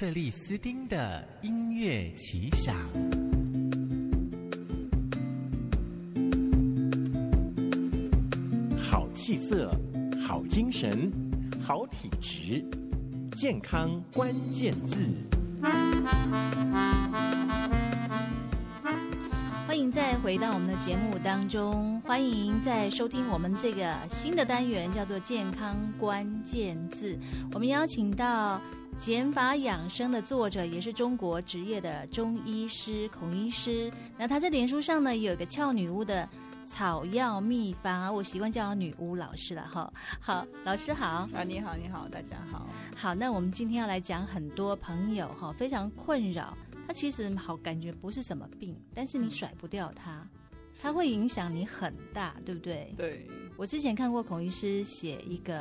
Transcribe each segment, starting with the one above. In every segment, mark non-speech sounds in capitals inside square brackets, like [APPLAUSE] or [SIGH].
克里斯丁的音樂奇想：好氣色，好精神，好體質，健康關鍵字。歡迎再回到我們的節目當中，歡迎再收聽我們這個新的單元，叫做“健康關鍵字”。我們邀請到。《減法養生》的作者也是中國職業的中醫師孔醫師，那他在臉書上呢，有一個俏女巫的草藥秘方，我習慣叫她女巫老師了哈。好，老師好啊，你好你好，大家好。好，那我們今天要來講很多朋友哈，非常困擾，他其實好感覺不是什麼病，但是你甩不掉他，他會影響你很大，對不對？對。我之前看過孔醫師寫一個。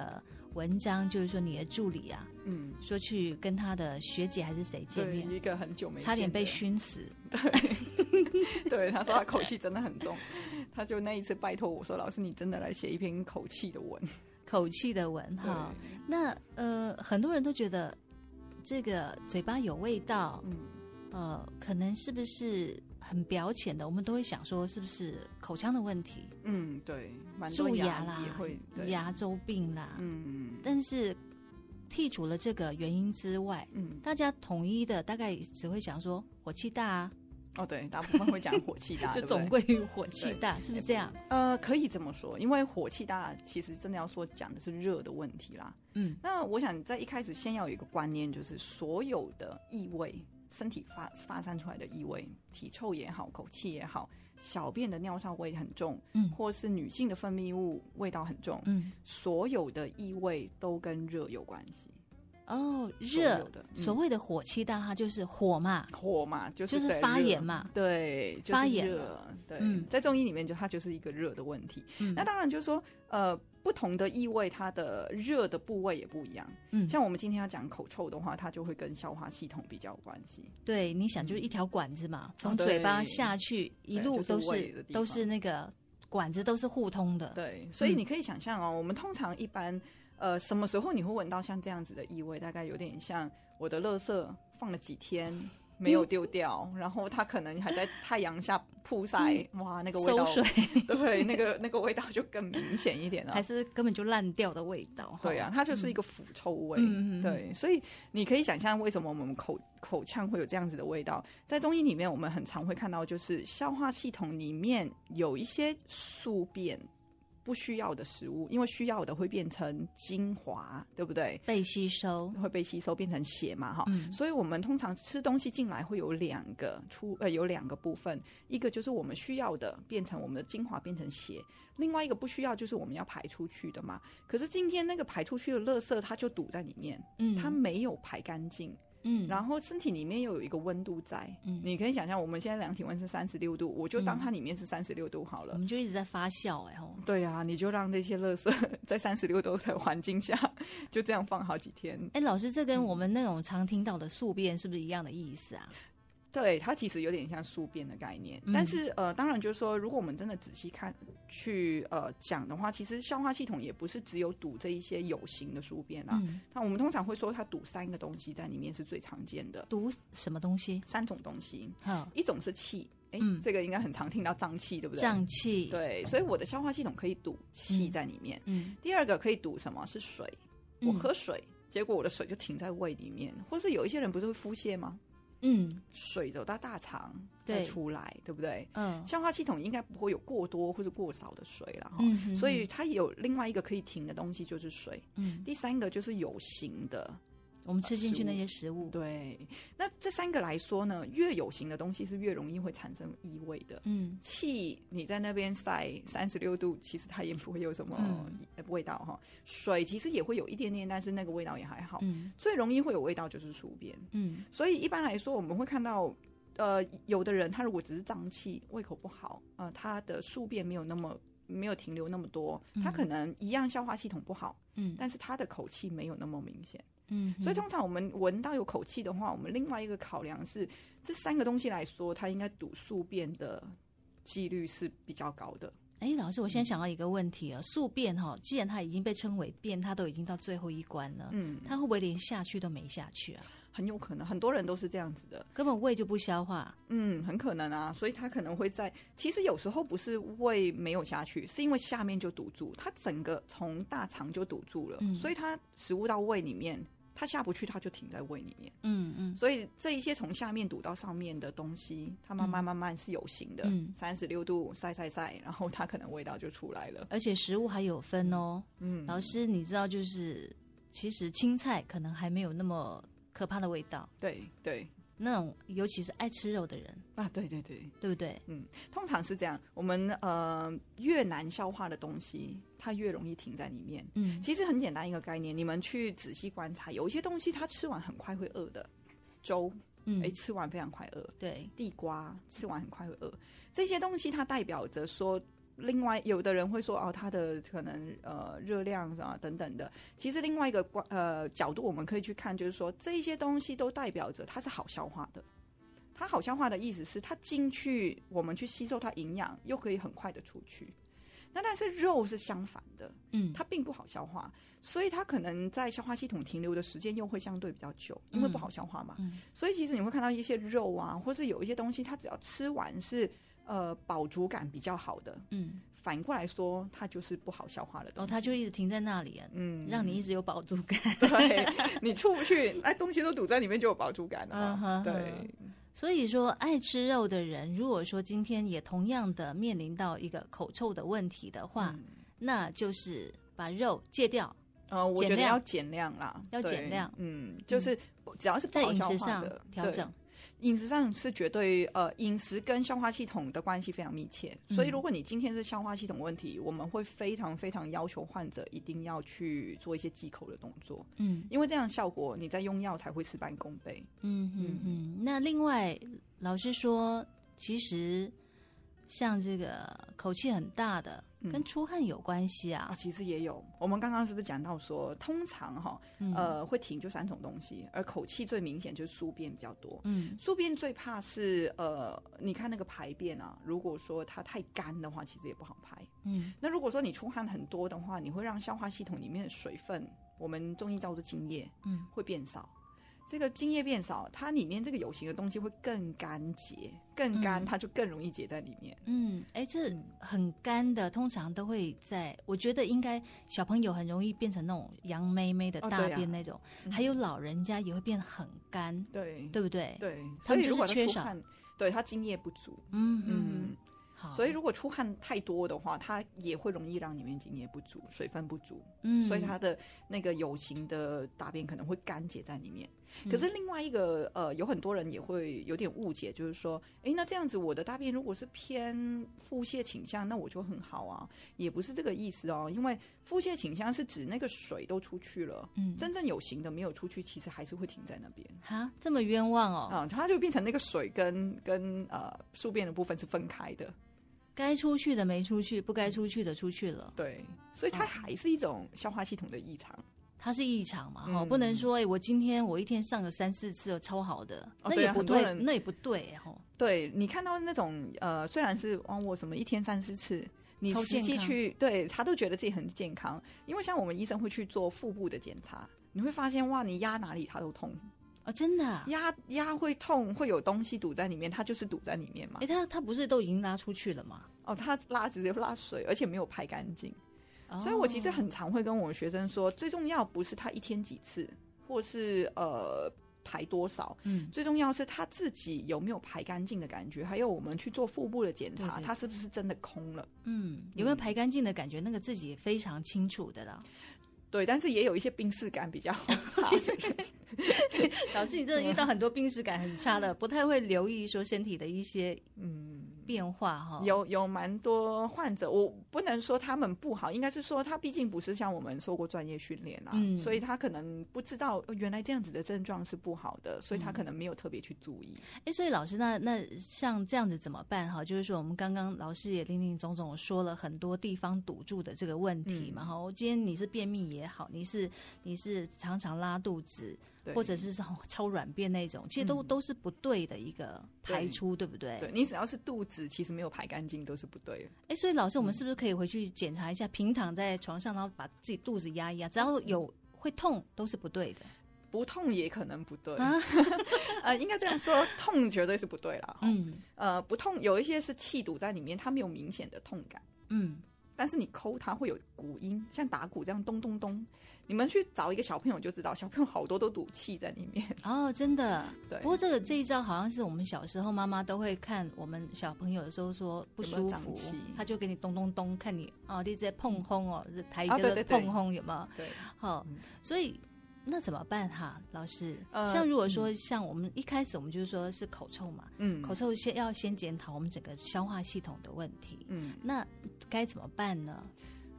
文章就是說你的助理啊，嗯，說去跟他的學姐還是誰見面，一個很久沒見，差點被熏死。對， [LAUGHS] [LAUGHS] 對，他說他口氣真的很重，他就那一次拜托我說， [LAUGHS] 老師你真的來寫一篇口氣的文，口氣的文哈，對那呃很多人都覺得這個嘴巴有味道，嗯，呃，可能是不是？很表淺的，我們都會想說是不是口腔的問題？嗯，對，蛀牙、牙啦，也會對牙周病啦。嗯，但是剔除了這個原因之外，嗯，大家統一的大概只會想說火氣大啊。哦，對，大部分會講火氣大， [LAUGHS] 就總歸於火氣 [LAUGHS] 對大，是不是這樣欸？呃，可以這麼說，因為火氣大其實真的要說講的是熱的問題啦。嗯，那我想在一開始先要有一個觀念，就是所有的異味。身體發發散出來的異味，體臭也好，口氣也好，小便的尿臊味很重，嗯，或是女性的分泌物味道很重，嗯，所有的異味都跟熱有關係。哦，熱，嗯、所謂的火氣大，它就是火嘛，火嘛，就是、就是發炎嘛，對，就是熱，對，嗯、在中醫裡面就它就是一個熱的問題。嗯、那當然就是說，呃。不同的異味，它的熱的部位也不一樣。嗯，像我們今天要講口臭的話，它就會跟消化系統比較有關係。對，你想就是一條管子嘛，從、嗯哦、嘴巴下去，一路都是、就是、都是那個管子都是互通的。對，所以你可以想象哦，我們通常一般呃什麼時候你會聞到像這樣子的異味？大概有點像我的垃圾放了幾天。沒有丟掉，嗯、然後它可能還在太陽下曝曬，嗯、哇，那個味道，收水 [LAUGHS] 對，那個那個味道就更明顯一點了，還是根本就爛掉的味道。對啊，嗯、它就是一個腐臭味，嗯、對，所以你可以想象為什麼我們口口腔會有這樣子的味道。在中醫裡面，我們很常會看到，就是消化系統裡面有一些宿便。不需要的食物，因為需要的會變成精華，對不對？被吸收，會被吸收變成血嘛，哈，嗯。所以我們通常吃東西進來會有兩個出，呃，有兩個部分，一個就是我們需要的變成我們的精華變成血，另外一個不需要就是我們要排出去的嘛。可是今天那個排出去的垃圾，它就堵在裡面，嗯，它沒有排乾淨。嗯，然後身體裡面又有一個溫度在，嗯、你可以想象我們現在量體溫是三十六度，嗯、我就當它裡面是三十六度好了。我們就一直在發酵哎、欸、吼。對啊，你就讓那些垃圾在三十六度的環境下就這樣放好幾天。哎、欸，老師，這跟我們那種常聽到的宿便是不是一樣的意思啊？嗯對，它其實有點像宿便的概念，嗯、但是呃，當然就是說，如果我們真的仔細看去呃講的話，其實消化系統也不是只有堵這一些有形的宿便啊那、嗯、我們通常會說，它堵三個東西在裡面是最常見的。堵什麼東西？三種東西。呵一種是氣，哎，嗯、這個應該很常聽到脹氣，對不對？脹氣。對，所以我的消化系統可以堵氣在裡面。嗯嗯、第二個可以堵什麼？是水。我喝水，嗯、結果我的水就停在胃裡面，或是有一些人不是會腹瀉嗎？嗯，水走到大腸再出來，對，對不對？嗯，消化系統應該不會有過多或者過少的水了，嗯哼哼，所以它有另外一個可以停的東西就是水，嗯，第三個就是有形的。我們吃進去那些食物，啊、食物，對，那這三個來說呢，越有形的東西是越容易會產生異味的。嗯，氣你在那邊曬三十六度，其實它也不會有什麼味道哈。嗯，水其實也會有一點點，但是那個味道也還好。嗯，最容易會有味道就是宿便。嗯，所以一般來說，我們會看到，呃，有的人他如果只是脹氣、胃口不好，呃，他的宿便沒有那麼沒有停留那麼多，他可能一樣消化系統不好，嗯，但是他的口氣沒有那麼明顯。嗯，所以通常我們聞到有口氣的話，我們另外一個考量是，這三個東西來說，它應該堵宿便的幾率是比較高的。哎，老師，我現在想到一個問題啊，宿便哈，既然它已經被稱為便，它都已經到最後一關了，嗯，它會不會連下去都沒下去啊？很有可能，很多人都是這樣子的，根本胃就不消化。嗯，很可能啊，所以它可能會在。其實有時候不是胃沒有下去，是因為下面就堵住，它整個從大腸就堵住了，嗯，所以它食物到胃裡面。它下不去，它就停在胃裡面。嗯嗯，嗯，所以這一些從下面堵到上面的東西，它慢慢慢慢是有形的。嗯，三十六度曬曬曬，然後它可能味道就出來了。而且食物還有分哦。嗯，老師，你知道就是，其實青菜可能還沒有那麼可怕的味道。對對。對那種尤其是愛吃肉的人啊，對對對，對不對？嗯，通常是這樣。我們呃，越難消化的東西，它越容易停在裡面。嗯，其實很簡單一個概念，你們去仔細觀察，有一些東西它吃完很快會餓的，粥，嗯、欸，吃完非常快餓。對，地瓜吃完很快會餓，這些東西它代表着說。另外，有的人會說，哦，它的可能呃熱量啊等等的。其實另外一個呃角度，我們可以去看，就是說這一些東西都代表着它是好消化的。它好消化的意思是，它進去我們去吸收它營養，又可以很快的出去。那但是肉是相反的，嗯，它並不好消化，嗯。所以它可能在消化系統停留的時間又會相對比較久，因為不好消化嘛。嗯。嗯。所以其實你會看到一些肉啊，或是有一些東西，它只要吃完是。呃，飽足感比較好的，嗯，反過來說，它就是不好消化的東西。哦，它就一直停在那裡，嗯，讓你一直有飽足感，對，你出不去，哎，東西都堵在裡面，就有飽足感了嘛。對，所以說，愛吃肉的人，如果說今天也同樣的面臨到一個口臭的問題的話，那就是把肉戒掉，呃，我覺得要減量啦，要減量，嗯，就是只要是，在飲食上調整。飲食上是絕對呃，飲食跟消化系統的關係非常密切，所以如果你今天是消化系統問題，嗯、我們會非常非常要求患者一定要去做一些忌口的動作，嗯，因為這樣的效果，你在用藥才會事半功倍。嗯哼哼，那另外老師說，其實。像這個口氣很大的，嗯、跟出汗有關係啊？啊，其實也有。我們剛剛是不是講到說，通常哈，嗯、呃，會停就三種東西，而口氣最明顯就是宿便比較多。嗯，宿便最怕是呃，你看那個排便啊，如果說它太乾的話，其實也不好排。嗯，那如果說你出汗很多的話，你會讓消化系統裡面的水分，我們中醫叫做津液，嗯，會變少。這個津液變少，它裡面這個有形的東西會更乾結，更乾，它就更容易結在裡面。嗯，哎，這很乾的，通常都會在。我覺得應該小朋友很容易變成那種羊咩咩的大便那種，還有老人家也會變得很乾，對，對不對？對，所以如果出汗，對他津液不足，嗯嗯，所以如果出汗太多的話，它也會容易讓裡面津液不足，水分不足，嗯，所以它的那個有形的大便可能會乾結在裡面。可是另外一個、嗯、呃，有很多人也會有點誤解，就是說，哎，那這樣子我的大便如果是偏腹瀉傾向，那我就很好啊，也不是這個意思哦，因為腹瀉傾向是指那個水都出去了，嗯，真正有形的沒有出去，其實還是會停在那邊。哈，這麼冤枉哦。啊、嗯，它就變成那個水跟跟呃宿便的部分是分開的，該出去的沒出去，不該出去的出去了。對，所以它還是一種消化系統的異常。它是異常嘛，哈、嗯，不能說哎、欸，我今天我一天上個三四次，超好的，哦啊、那也不對，那也不對，哈。對，你看到那種呃，雖然是問我什麼一天三四次，你抽際去，對，他都覺得自己很健康，因為像我們醫生會去做腹部的檢查，你會發現哇，你壓哪裡他都痛啊、哦，真的、啊，壓壓會痛，會有東西堵在裡面，它就是堵在裡面嘛。哎、欸，他他不是都已經拉出去了嗎？哦，他拉直接拉水，而且沒有排乾淨。所以我其實很常會跟我的學生說，最重要不是他一天幾次，或是呃排多少，嗯，最重要是他自己有沒有排乾淨的感覺，還有我們去做腹部的檢查，對對對，他是不是真的空了，嗯，有沒有排乾淨的感覺，那個自己也非常清楚的了、嗯。對，但是也有一些病識感比較差， [LAUGHS] [LAUGHS] 老師你真的遇到很多病識感很差的，嗯、不太會留意說身體的一些嗯。變化哈，有有蠻多患者，我不能說他們不好，應該是說他畢竟不是像我們受過專業訓練啦，嗯、所以他可能不知道、哦、原來這樣子的症狀是不好的，所以他可能沒有特別去注意。哎、嗯欸，所以老師，那那像這樣子怎麼辦哈？就是說，我們剛剛老師也林林總總說了很多地方堵住的這個問題嘛哈。我、嗯、今天你是便秘也好，你是你是常常拉肚子，對或者是超軟便那種，其實都、嗯、都是不對的一個排出，對，對不對？對，你只要是肚子。其實沒有排乾淨都是不對的，哎、欸，所以老師，我們是不是可以回去檢查一下？平躺在床上，然後把自己肚子壓一壓，只要有會痛都是不對的，不痛也可能不對，啊 [LAUGHS] [LAUGHS] 呃、應該這樣說，痛絕對是不對了，嗯，呃，不痛有一些是氣堵在裡面，它沒有明顯的痛感，嗯。但是你摳它會有鼓音，像打鼓這樣咚咚咚。你們去找一個小朋友就知道，小朋友好多都堵氣在裡面哦，真的。對。不過這個這一招好像是我們小時候媽媽都會看我們小朋友的時候說不舒服，有有長氣他就給你咚咚咚，看你哦一直在碰轟哦，嗯、台階叫做碰轟，哦、對對對有沒有？對。好，嗯、所以。那怎麼辦哈，老師？呃、像如果說像我們一開始我們就是說是口臭嘛，嗯，口臭先要先檢討我們整個消化系統的問題，嗯，那該怎麼辦呢？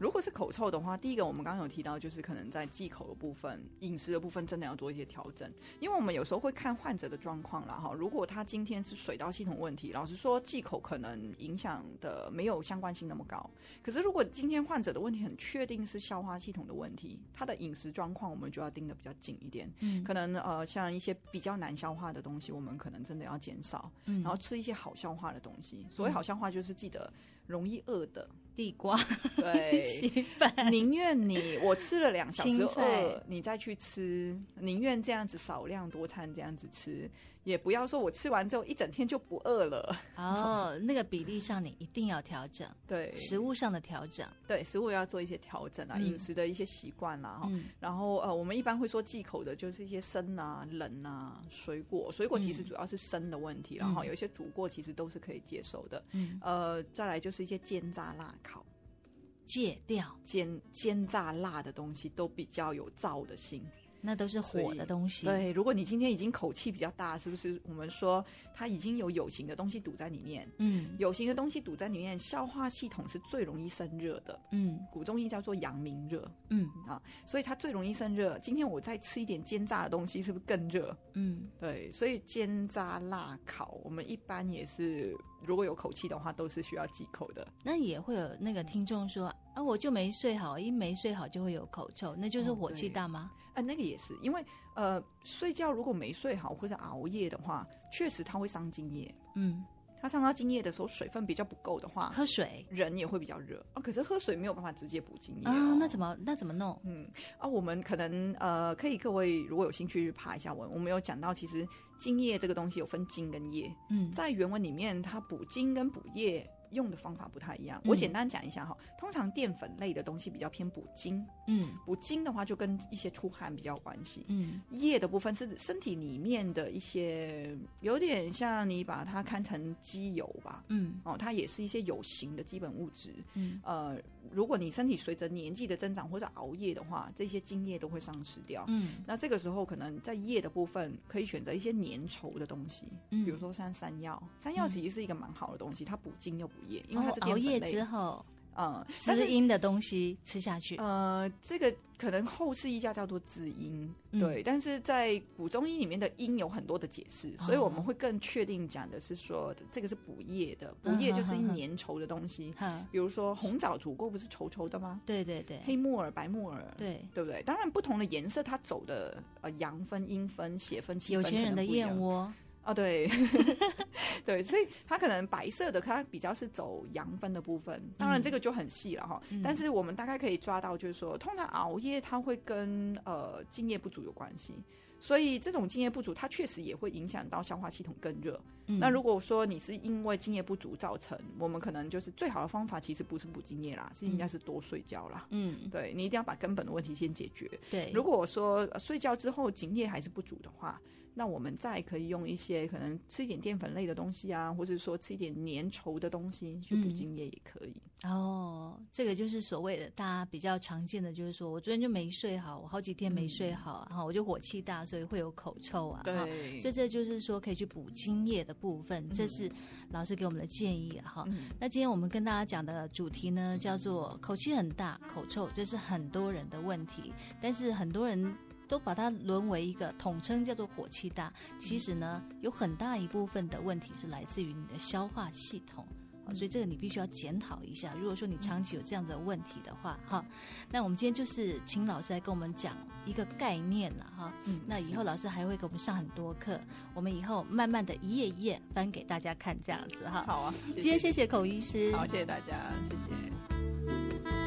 如果是口臭的話，第一個我們剛剛有提到，就是可能在忌口的部分、飲食的部分，真的要做一些調整。因為我們有時候會看患者的狀況啦哈，如果他今天是水道系統問題，老實說忌口可能影響的沒有相關性那麼高。可是如果今天患者的問題很確定是消化系統的問題，他的飲食狀況我們就要盯得比較緊一點。嗯，可能呃像一些比較難消化的東西，我們可能真的要減少，嗯、然後吃一些好消化的東西。嗯、所謂好消化，就是記得容易餓的。地瓜，對，米飯。寧願你我吃了兩小時後，精彩。哦，你再去吃，寧願這樣子少量多餐，這樣子吃。也不要說我吃完之後一整天就不餓了哦，oh, [LAUGHS] 那個比例上你一定要調整，對食物上的調整，對食物要做一些調整啊，飲、嗯、食的一些習慣啦，然後呃，我們一般會說忌口的就是一些生啊、冷啊、水果，水果其實主要是生的問題，嗯、然後有一些煮過其實都是可以接受的。嗯、呃，再來就是一些煎炸辣烤，戒掉煎煎炸辣的東西都比較有燥的性。那都是火的東西。對，如果你今天已經口氣比較大，是不是我們說它已經有有形的東西堵在裡面？嗯，有形的東西堵在裡面，消化系統是最容易生熱的。嗯，古中醫叫做陽明熱。嗯，啊，所以它最容易生熱。今天我再吃一點煎炸的東西，是不是更熱？嗯，對，所以煎炸、辣烤，我們一般也是如果有口氣的話，都是需要忌口的。那也會有那個聽眾說啊，我就沒睡好，一沒睡好就會有口臭，那就是火氣大嗎？哦哎、那個也是，因為呃，睡覺如果沒睡好或者熬夜的話，確實它會傷津液。嗯，它傷到津液的時候，水分比較不夠的話，喝水人也會比較熱啊。可是喝水沒有辦法直接補津液啊，哦哦、那怎麼那怎麼弄？嗯啊，我們可能呃，可以各位如果有興趣去爬一下文，我我們有講到，其實津液這個東西有分津跟液。嗯，在原文裡面，它補津跟補液，用的方法不太一樣，嗯、我簡單講一下哈。通常澱粉類的東西比較偏補精，嗯，補精的話就跟一些出汗比較關係，嗯，液的部分是身體裡面的一些，有點像你把它看成機油吧，嗯，哦，它也是一些有形的基本物質，嗯，呃，如果你身體隨着年紀的增長或者熬夜的話，這些精液，都會喪失掉，嗯，那這個時候可能在液的部分可以選擇一些粘稠的東西，嗯、比如說像山藥，山藥其實是一個蠻好的東西，嗯、它補精又補。因為它是熬夜之後，嗯，是陰的東西吃下去。呃，這個可能後世醫家叫做滋陰，對。但是在古中醫裡面的陰有很多的解釋，所以我們會更確定講的是說，這個是補液的。補液就是粘稠的東西，比如說紅棗煮過不是稠稠的嗎？對對對，黑木耳、白木耳，對，對不對？當然不同的顏色它走的呃陽分、陰分、血分、氣分、有錢人的燕窩。哦、對， [LAUGHS] [LAUGHS] 對，所以它可能白色的，它比較是走陽分的部分。當然，這個就很細了哈。嗯、但是我們大概可以抓到，就是說，嗯、通常熬夜它會跟呃津液不足有關係。所以這種津液不足，它確實也會影響到消化系統更熱。嗯、那如果說你是因為津液不足造成，我們可能就是最好的方法，其實不是補津液啦，嗯、是應該是多睡覺啦。嗯，對，你一定要把根本的問題先解決。對，如果說睡覺之後津液還是不足的話，那我們再可以用一些可能吃一點澱粉類的東西啊，或者說吃一點粘稠的東西去補津液也可以。嗯、哦，這個就是所謂的大家比較常見的，就是說我昨天就沒睡好，我好幾天沒睡好然後、嗯、我就火氣大，所以會有口臭啊，哈對。所以這就是說可以去補津液的部分，這是老師給我們的建議哈、啊。嗯、那今天我們跟大家講的主題呢，叫做口氣很大、口臭，這是很多人的問題，但是很多人。都把它淪為一個統稱，叫做火氣大。其實呢，有很大一部分的問題是來自於你的消化系統啊，嗯、所以這個你必須要檢討一下。如果說你長期有這樣子的問題的話，哈、嗯，那我們今天就是請老師來跟我們講一個概念了，哈。嗯。是那以後老師還會給我們上很多課，我們以後慢慢的一頁一頁翻給大家看，這樣子哈。好，好啊，謝謝。今天謝謝孔醫師。好，謝謝大家，謝謝。